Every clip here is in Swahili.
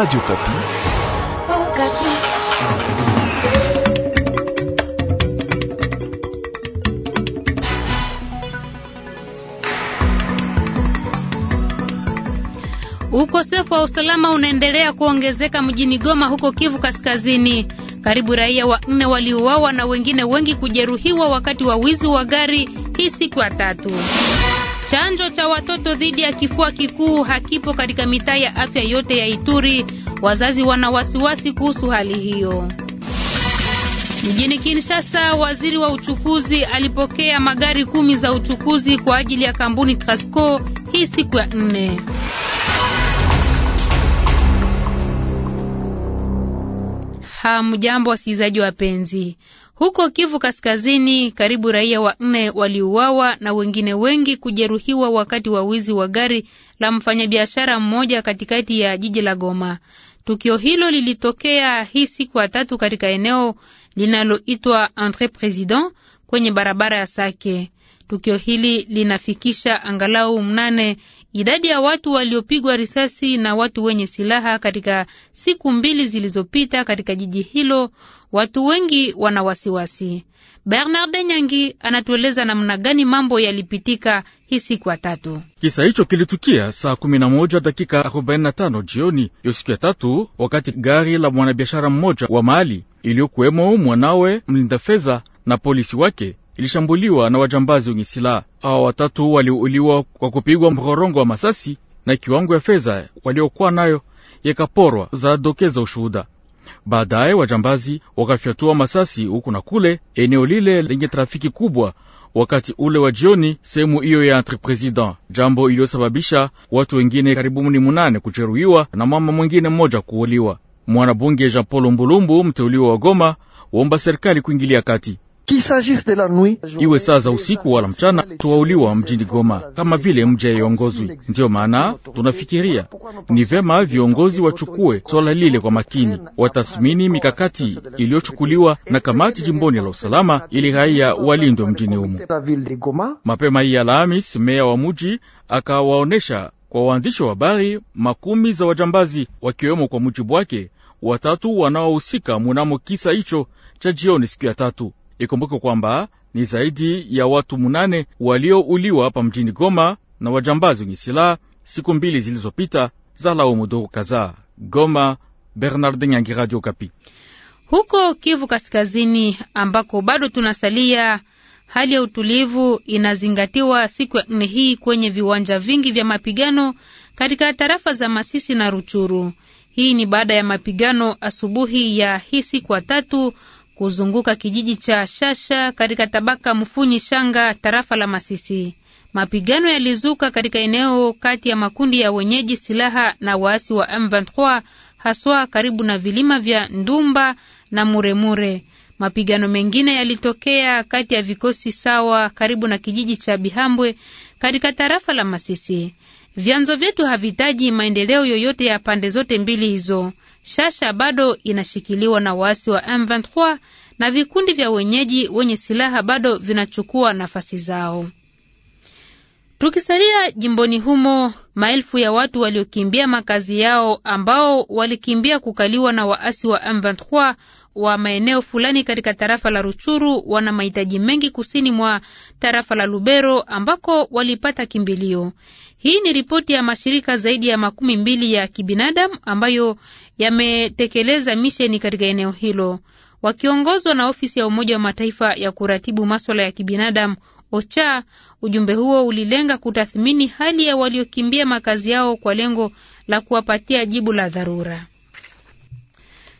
Radio Kapi. Oh, Kapi. Ukosefu wa usalama unaendelea kuongezeka mjini Goma huko Kivu Kaskazini. Karibu raia wa nne waliuawa na wengine wengi kujeruhiwa wakati wa wizi wa gari hii siku ya tatu. Chanjo cha watoto dhidi ya kifua kikuu hakipo katika mitaa ya afya yote ya Ituri. Wazazi wana wasiwasi kuhusu hali hiyo. Mjini Kinshasa, waziri wa uchukuzi alipokea magari kumi za uchukuzi kwa ajili ya kampuni Trasco hii siku ya nne. Hamjambo wasikilizaji wapenzi. Huko Kivu Kaskazini, karibu raia wanne waliuawa na wengine wengi kujeruhiwa wakati wa wizi wa gari la mfanyabiashara mmoja katikati ya jiji la Goma. Tukio hilo lilitokea hii siku ya tatu katika eneo linaloitwa Entre President kwenye barabara ya Sake. Tukio hili linafikisha angalau mnane idadi ya watu waliopigwa risasi na watu wenye silaha katika siku mbili zilizopita katika jiji hilo. Watu wengi wana wasiwasi. Bernard Nyangi anatueleza namna gani mambo yalipitika hii siku ya tatu. Kisa hicho kilitukia saa 11 dakika 45 jioni hiyo siku ya tatu, wakati gari la mwanabiashara mmoja wa mali iliyokuwemo mwanawe mlinda fedha na polisi wake ilishambuliwa na wajambazi wenye silaha. Hawa watatu waliuliwa kwa kupigwa mkorongo wa masasi na kiwango ya fedha waliokuwa nayo yakaporwa, za dokeza ushuhuda. Baadaye wajambazi wakafyatua masasi huku na kule eneo lile lenye trafiki kubwa wakati ule wa jioni, sehemu hiyo ya entre president, jambo iliyosababisha watu wengine ni munane kujeruhiwa na mama mwingine mmoja kuuliwa. Mwanabunge Jean Paul Mbulumbu, mteuliwa wa Goma, waomba serikali kuingilia kati iwe saa za usiku wala mchana, tuwauliwa mjini Goma kama vile mji haiongozwi. Ndiyo maana tunafikiria ni vema viongozi wachukue swala lile kwa makini, watathmini mikakati iliyochukuliwa na kamati jimboni la usalama ili raia walindwe mjini humo. Mapema hii Alhamis, meya wa muji akawaonyesha kwa waandishi wa habari makumi za wajambazi, wakiwemo kwa mujibu wake watatu wanaohusika munamo kisa hicho cha jioni siku ya tatu. Ikumbuke kwamba ni zaidi ya watu munane waliouliwa hapa mjini Goma na wajambazi wenye silaha siku mbili zilizopita, za laumu dogo kadhaa. Goma, Bernardin Nyangi, Radio Kapi. Huko Kivu Kaskazini ambako bado tunasalia, hali ya utulivu inazingatiwa siku ya nne hii kwenye viwanja vingi vya mapigano katika tarafa za Masisi na Ruchuru. Hii ni baada ya mapigano asubuhi ya hii siku ya tatu kuzunguka kijiji cha Shasha katika tabaka Mfunyi Shanga, tarafa la Masisi. Mapigano yalizuka katika eneo kati ya makundi ya wenyeji silaha na waasi wa M23 haswa karibu na vilima vya Ndumba na Muremure. Mapigano mengine yalitokea kati ya vikosi sawa karibu na kijiji cha Bihambwe katika tarafa la Masisi. Vyanzo vyetu havitaji maendeleo yoyote ya pande zote mbili hizo. Shasha bado inashikiliwa na waasi wa M23 na vikundi vya wenyeji wenye silaha bado vinachukua nafasi zao. Tukisalia jimboni humo, maelfu ya watu waliokimbia makazi yao ambao walikimbia kukaliwa na waasi wa M23 wa maeneo fulani katika tarafa la Ruchuru wana mahitaji mengi kusini mwa tarafa la Lubero ambako walipata kimbilio. Hii ni ripoti ya mashirika zaidi ya makumi mbili ya kibinadamu ambayo yametekeleza misheni katika eneo hilo wakiongozwa na ofisi ya Umoja wa Mataifa ya kuratibu maswala ya kibinadamu OCHA. Ujumbe huo ulilenga kutathmini hali ya waliokimbia makazi yao kwa lengo la kuwapatia jibu la dharura.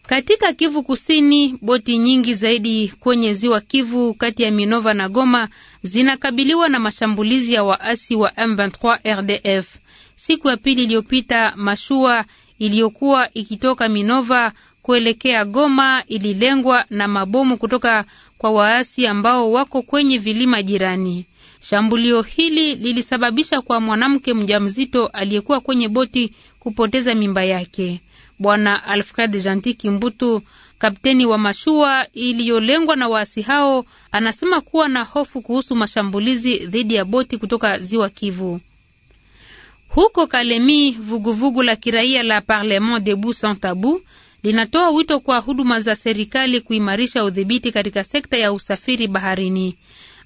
Katika Kivu Kusini, boti nyingi zaidi kwenye ziwa Kivu kati ya Minova na Goma zinakabiliwa na mashambulizi ya waasi wa M23 RDF. Siku ya pili iliyopita, mashua iliyokuwa ikitoka Minova kuelekea Goma ililengwa na mabomu kutoka kwa waasi ambao wako kwenye vilima jirani. Shambulio hili lilisababisha kwa mwanamke mjamzito aliyekuwa kwenye boti kupoteza mimba yake. Bwana Alfred Jantiki Mbutu, kapteni wa mashua iliyolengwa na waasi hao, anasema kuwa na hofu kuhusu mashambulizi dhidi ya boti kutoka ziwa Kivu. Huko Kalemi, vuguvugu la kiraia la Parlement Debout Sans Tabou linatoa wito kwa huduma za serikali kuimarisha udhibiti katika sekta ya usafiri baharini.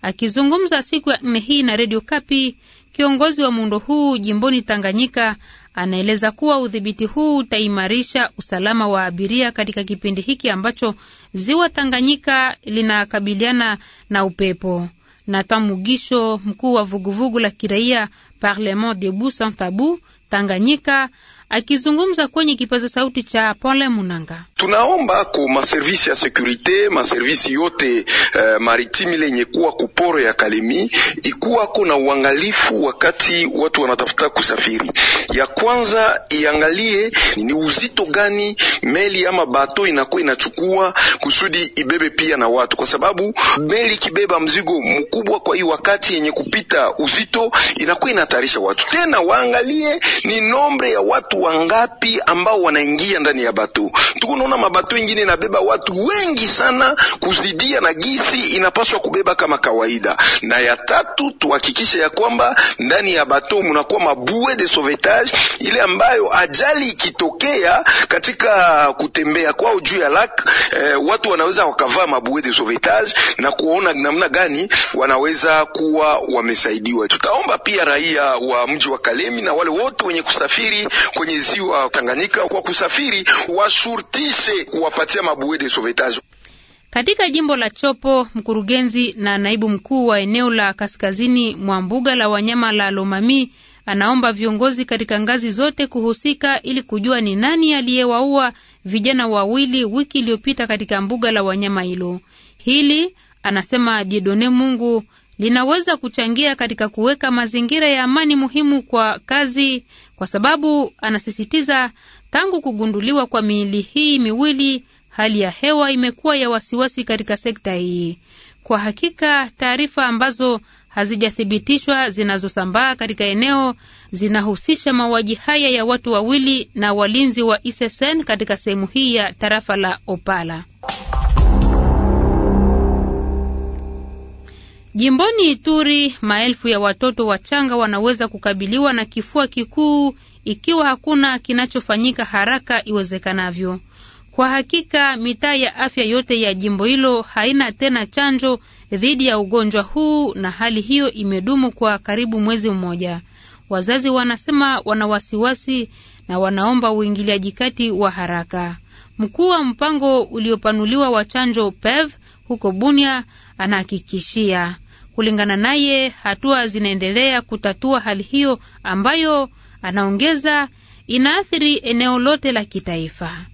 Akizungumza siku ya nne hii na redio Kapi, kiongozi wa muundo huu jimboni Tanganyika Anaeleza kuwa udhibiti huu utaimarisha usalama wa abiria katika kipindi hiki ambacho ziwa Tanganyika linakabiliana na upepo. Nathan Mugisho, mkuu wa vuguvugu la kiraia Parlement Debout Sans Tabou Tanganyika, Akizungumza kwenye kipaza sauti cha Pole Munanga, tunaomba ku maservisi ya sekurite maservisi yote uh, maritimi lenye kuwa kuporo ya Kalemi ikuwako na uangalifu wakati watu wanatafuta kusafiri. Ya kwanza iangalie ni uzito gani meli ama bato inakuwa inachukua kusudi ibebe pia na watu, kwa sababu meli ikibeba mzigo mkubwa kwa hii wakati yenye kupita uzito inakuwa inahatarisha watu. Tena waangalie ni nombre ya watu wangapi ambao wanaingia ndani ya bato. naona mabato ingine inabeba watu wengi sana kuzidia na gisi inapaswa kubeba kama kawaida. Na ya tatu, tuhakikishe ya kwamba ndani ya bato mnakuwa mabue de sauvetage, ile ambayo ajali ikitokea katika kutembea kwao juu ya lak eh, watu wanaweza wakavaa mabue de sauvetage na kuona namna gani wanaweza kuwa wamesaidiwa. Tutaomba pia raia wa mji wa Kalemi na wale wote wenye kusafiri kwenye kwenye ziwa Tanganyika kwa kusafiri washurutishe kuwapatia mabue de sauvetage. Katika jimbo la Chopo, mkurugenzi na naibu mkuu wa eneo la kaskazini mwa mbuga la wanyama la Lomami anaomba viongozi katika ngazi zote kuhusika ili kujua ni nani aliyewaua vijana wawili wiki iliyopita katika mbuga la wanyama hilo. Hili anasema Jedone Mungu linaweza kuchangia katika kuweka mazingira ya amani muhimu kwa kazi, kwa sababu anasisitiza, tangu kugunduliwa kwa miili hii miwili, hali ya hewa imekuwa ya wasiwasi katika sekta hii. Kwa hakika, taarifa ambazo hazijathibitishwa zinazosambaa katika eneo zinahusisha mauaji haya ya watu wawili na walinzi wa SSN e katika sehemu hii ya tarafa la Opala. Jimboni Ituri, maelfu ya watoto wachanga wanaweza kukabiliwa na kifua kikuu ikiwa hakuna kinachofanyika haraka iwezekanavyo. Kwa hakika, mitaa ya afya yote ya jimbo hilo haina tena chanjo dhidi ya ugonjwa huu na hali hiyo imedumu kwa karibu mwezi mmoja. Wazazi wanasema wana wasiwasi na wanaomba uingiliaji kati wa haraka. Mkuu wa mpango uliopanuliwa wa chanjo PEV huko Bunia anahakikishia. Kulingana naye, hatua zinaendelea kutatua hali hiyo ambayo anaongeza inaathiri eneo lote la kitaifa.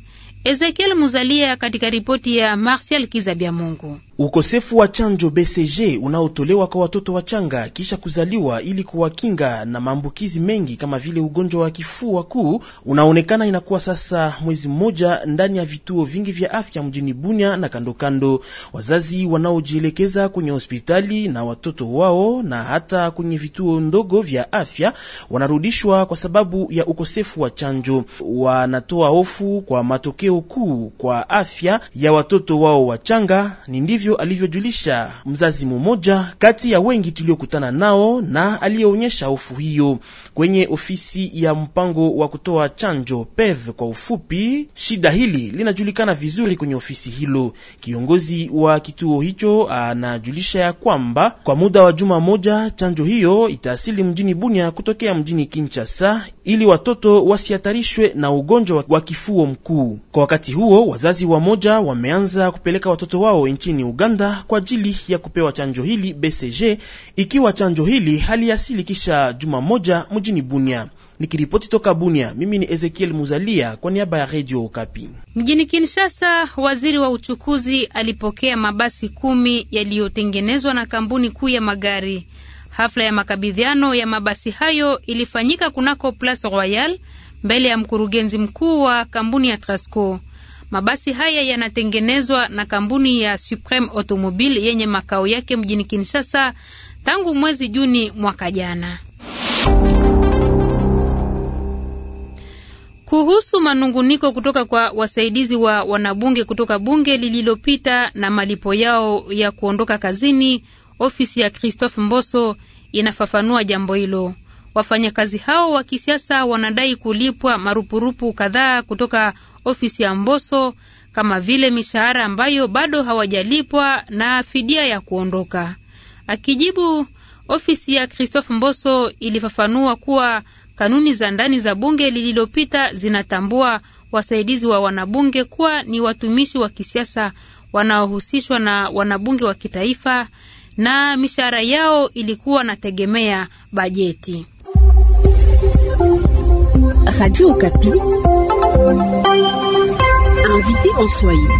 Ezekiel Muzalia katika ripoti ya Martial mungu Ukosefu wa chanjo BCG unaotolewa kwa watoto wachanga kisha kuzaliwa ili kuwakinga na maambukizi mengi kama vile ugonjwa wa kifua kuu unaonekana inakuwa sasa mwezi mmoja ndani ya vituo vingi vya afya mjini Bunia na kandokando. Wazazi wanaojielekeza kwenye hospitali na watoto wao na hata kwenye vituo ndogo vya afya wanarudishwa kwa sababu ya ukosefu wa chanjo. Wanatoa hofu kwa matokeo kuu kwa afya ya watoto wao wachanga ni ndivyo ndivyo alivyojulisha mzazi mmoja kati ya wengi tuliokutana nao na aliyeonyesha hofu hiyo kwenye ofisi ya mpango wa kutoa chanjo PEV kwa ufupi. Shida hili linajulikana vizuri kwenye ofisi hilo. Kiongozi wa kituo hicho anajulisha ya kwamba kwa muda wa juma moja chanjo hiyo itaasili mjini Bunia kutokea mjini Kinshasa ili watoto wasihatarishwe na ugonjwa wa kifuo mkuu. Kwa wakati huo, wazazi wa moja wameanza kupeleka watoto wao nchini Uganda kwa ajili ya kupewa chanjo hili BCG, ikiwa chanjo hili haliasili kisha juma moja mjini Bunia. Nikiripoti toka Bunia, mimi ni Ezekiel Muzalia kwa niaba ya Radio Okapi. Mjini Kinshasa, waziri wa uchukuzi alipokea mabasi kumi yaliyotengenezwa na kampuni kuu ya magari. Hafla ya makabidhiano ya mabasi hayo ilifanyika kunako Place Royal mbele ya mkurugenzi mkuu wa kampuni ya Trasco. Mabasi haya yanatengenezwa na kampuni ya Supreme Automobile yenye makao yake mjini Kinshasa tangu mwezi Juni mwaka jana. Kuhusu manunguniko kutoka kwa wasaidizi wa wanabunge kutoka bunge lililopita na malipo yao ya kuondoka kazini, ofisi ya Christophe Mboso inafafanua jambo hilo. Wafanyakazi hao wa kisiasa wanadai kulipwa marupurupu kadhaa kutoka ofisi ya Mboso kama vile mishahara ambayo bado hawajalipwa na fidia ya kuondoka. Akijibu, ofisi ya Christophe Mboso ilifafanua kuwa kanuni za ndani za bunge lililopita zinatambua wasaidizi wa wanabunge kuwa ni watumishi wa kisiasa wanaohusishwa na wanabunge wa kitaifa na mishahara yao ilikuwa nategemea bajeti. Radio Okapi. Invité en Swahili.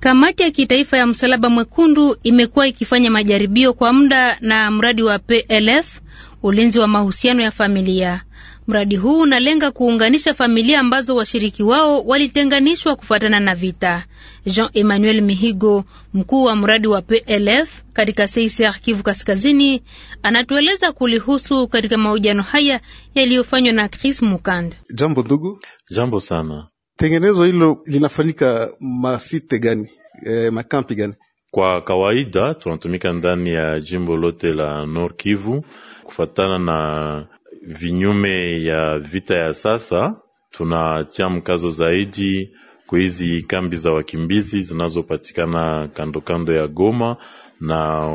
Kamati ya kitaifa ya Msalaba Mwekundu imekuwa ikifanya majaribio kwa muda na mradi wa PLF, ulinzi wa mahusiano ya familia. Mradi huu unalenga kuunganisha familia ambazo washiriki wao walitenganishwa kufuatana na vita. Jean Emmanuel Mihigo, mkuu wa mradi wa PLF katika CICR Kivu Kaskazini, anatueleza kulihusu katika mahojiano haya yaliyofanywa na Chris mukand Jambo ndugu. Jambo sana. Tengenezo hilo linafanyika masite gani? E, makampi gani? Kwa kawaida tunatumika ndani ya jimbo lote la Nord Kivu kufuatana na vinyume ya vita ya sasa, tunatia mkazo zaidi kwa hizi kambi za wakimbizi zinazopatikana kando kando ya Goma na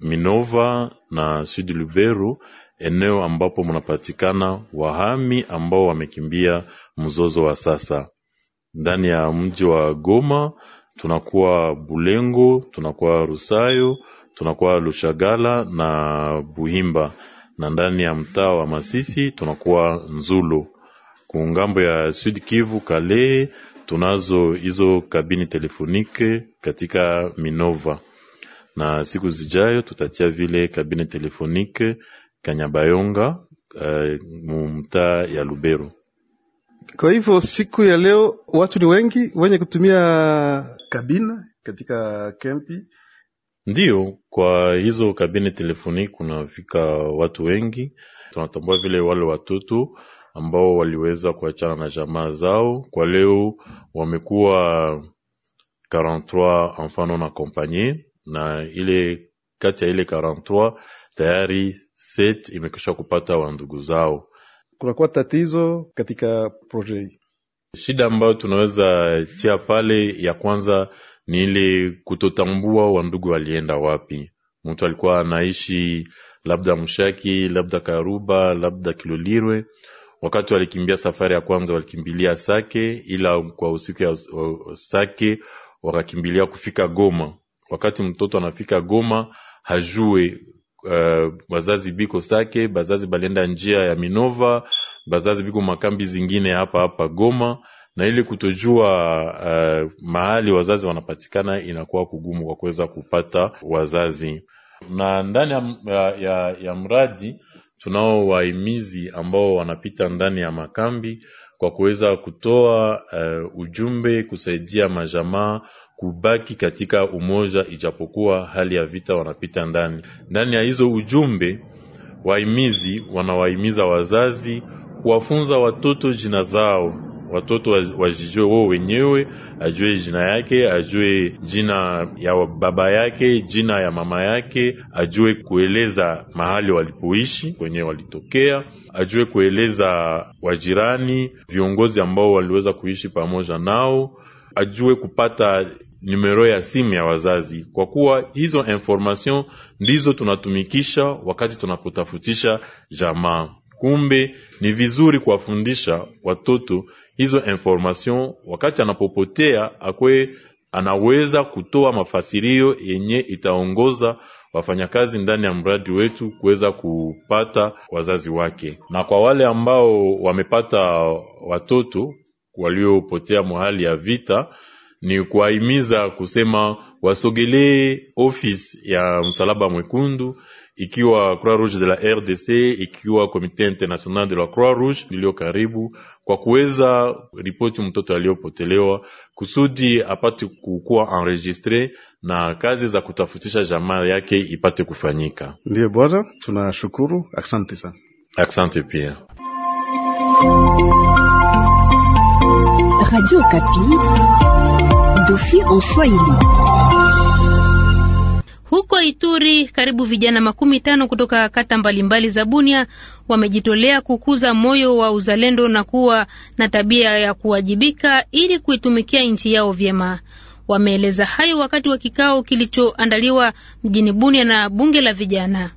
Minova na Sud Luberu, eneo ambapo mnapatikana wahami ambao wamekimbia mzozo wa sasa ndani ya mji wa Goma. Tunakuwa Bulengo, tunakuwa Rusayo, tunakuwa Lushagala na Buhimba na ndani ya mtaa wa Masisi tunakuwa Nzulu. Kungambo ya Sud Kivu Kale tunazo hizo kabini telefonike katika Minova, na siku zijayo tutatia vile kabini telefonike Kanyabayonga uh, mtaa ya Lubero. Kwa hivyo siku ya leo watu ni wengi wenye kutumia kabina katika kempi Ndiyo, kwa hizo kabine telefoni kunafika watu wengi. Tunatambua vile wale watoto ambao waliweza kuachana na jamaa zao, kwa leo wamekuwa 43 mfano na kompanye, na ile kati ya ile 43 tayari set imekwisha kupata wandugu zao. Kunakuwa tatizo katika proje Shida ambayo tunaweza tia pale, ya kwanza ni ile kutotambua wandugu walienda wapi. Mtu alikuwa anaishi labda Mshaki, labda Karuba, labda Kilolirwe. Wakati walikimbia safari ya kwanza walikimbilia Sake, ila kwa usiku ya Sake wakakimbilia kufika Goma. Wakati mtoto anafika Goma hajue uh, bazazi biko Sake, bazazi balienda njia ya Minova, bazazi biko makambi zingine hapa hapa Goma na ili kutojua uh, mahali wazazi wanapatikana inakuwa kugumu kwa kuweza kupata wazazi na ndani ya, ya, ya, ya mradi tunao wahimizi ambao wanapita ndani ya makambi kwa kuweza kutoa uh, ujumbe kusaidia majamaa kubaki katika umoja, ijapokuwa hali ya vita wanapita ndani ndani ya hizo ujumbe. Wahimizi wanawahimiza wazazi kuwafunza watoto jina zao watoto wazijue wao wenyewe, ajue jina yake, ajue jina ya baba yake, jina ya mama yake, ajue kueleza mahali walipoishi, kwenye walitokea, ajue kueleza wajirani, viongozi ambao waliweza kuishi pamoja nao, ajue kupata numero ya simu ya wazazi, kwa kuwa hizo information ndizo tunatumikisha wakati tunapotafutisha jamaa. Kumbe ni vizuri kuwafundisha watoto hizo information, wakati anapopotea akwe anaweza kutoa mafasirio yenye itaongoza wafanyakazi ndani ya mradi wetu kuweza kupata wazazi wake. Na kwa wale ambao wamepata watoto waliopotea mahali ya vita, ni kuwahimiza kusema wasogelee ofisi ya Msalaba Mwekundu ikiwa Croix Rouge de la RDC, ikiwa Komite International de la Croix Rouge iliyo karibu, kwa kuweza ripoti mtoto aliyopotelewa kusudi apate kukuwa enregistre na kazi za kutafutisha jamaa yake ipate kufanyika. ndiye bwana, tunashukuru, asante sana. Asante pia. Radio Kapi, dossier en Swahili. Huko Ituri karibu vijana makumi tano kutoka kata mbalimbali za Bunia wamejitolea kukuza moyo wa uzalendo na kuwa na tabia ya kuwajibika ili kuitumikia nchi yao vyema. Wameeleza hayo wakati wa kikao kilichoandaliwa mjini Bunia na bunge la vijana.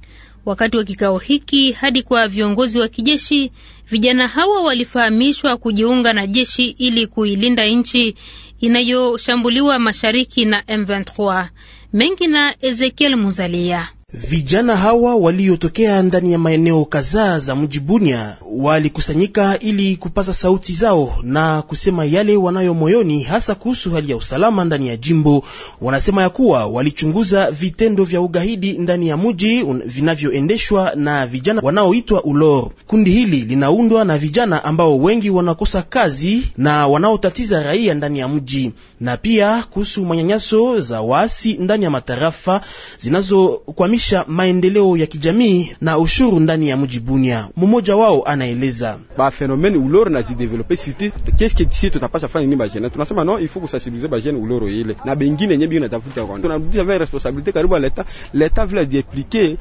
Wakati wa kikao hiki, hadi kwa viongozi wa kijeshi, vijana hawa walifahamishwa kujiunga na jeshi ili kuilinda nchi inayoshambuliwa mashariki na M23 mengi na Ezekiel Muzalia. Vijana hawa waliotokea ndani ya maeneo kadhaa za mji Bunia walikusanyika ili kupaza sauti zao na kusema yale wanayo moyoni, hasa kuhusu hali ya usalama ndani ya jimbo. Wanasema ya kuwa walichunguza vitendo vya ugaidi ndani ya mji vinavyoendeshwa na vijana wanaoitwa ULO. Kundi hili linaundwa na vijana ambao wengi wanakosa kazi na wanaotatiza raia ndani ya mji, na pia kuhusu manyanyaso za waasi ndani ya matarafa zinazokwamisha kuimarisha maendeleo ya kijamii na ushuru ndani ya mji Bunia. Mmoja wao anaeleza ba fenomeni uloro na jidevelope siti keske sisi tutapasha fanya nini bajene, tunasema no ifu kusasibilize bajene uloro ile na bengine nye bino tafuta kwa tunarudia vya responsabilite karibu leta leta vile dieplike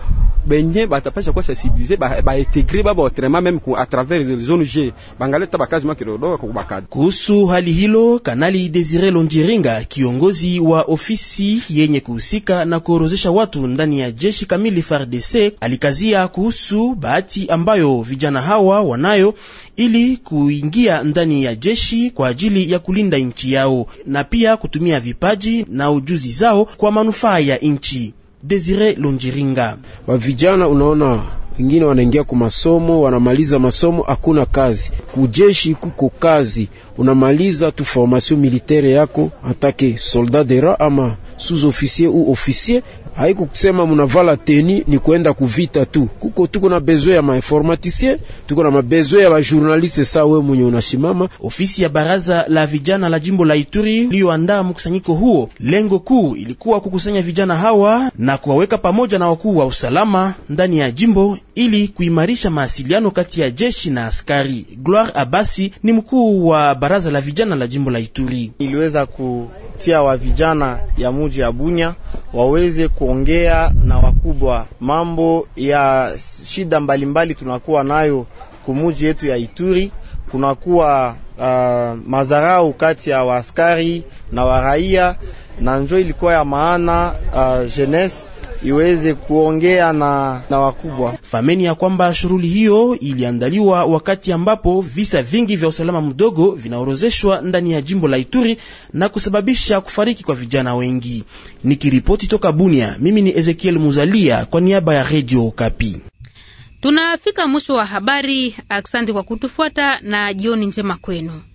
benye batapasha kwa sensibiliser ba, ba integrer ba autrement même à travers les zones G bangaleta bakazi makidogo kwa bakadi. Kuhusu hali hilo, Kanali Desire Londiringa, kiongozi wa ofisi yenye kuhusika na kuorozesha watu ndani ya jeshi jeshi kamili FARDC alikazia kuhusu bahati ambayo vijana hawa wanayo ili kuingia ndani ya jeshi kwa ajili ya kulinda nchi yao na pia kutumia vipaji na ujuzi zao kwa manufaa ya nchi. Desire Lunjiringa wa vijana, unaona wengine wanaingia ku masomo, wanamaliza masomo, hakuna kazi. Kujeshi kuko kazi, unamaliza tu formation militaire yako, atake soldat de rang ama sous officier ou officier, haiku kusema munavala teni ni kwenda kuvita tu. Kuko tuko na bezo ya mainformaticien, tuko na mabezo ya bajournaliste. Sa we mwenye unashimama ofisi ya baraza la vijana la jimbo la Ituri liyoandaa mkusanyiko huo, lengo kuu ilikuwa kukusanya vijana hawa na kuwaweka pamoja na wakuu wa usalama ndani ya jimbo ili kuimarisha mawasiliano kati ya jeshi na askari. Gloire Abasi ni mkuu wa baraza la vijana la jimbo la Ituri. Iliweza ku kupitia wa vijana ya muji ya Bunya waweze kuongea na wakubwa mambo ya shida mbalimbali tunakuwa nayo kumuji yetu ya Ituri. Kunakuwa uh, ah, mazarau kati ya waaskari na waraia, na njo ilikuwa ya maana uh, jeunesse iweze kuongea na, na wakubwa. Fameni ya kwamba shughuli hiyo iliandaliwa wakati ambapo visa vingi vya usalama mdogo vinaorozeshwa ndani ya jimbo la Ituri na kusababisha kufariki kwa vijana wengi. Nikiripoti toka Bunia, mimi ni Ezekiel Muzalia kwa niaba ya Radio Kapi. Tunafika mwisho wa habari. Asante kwa kutufuata na jioni njema kwenu.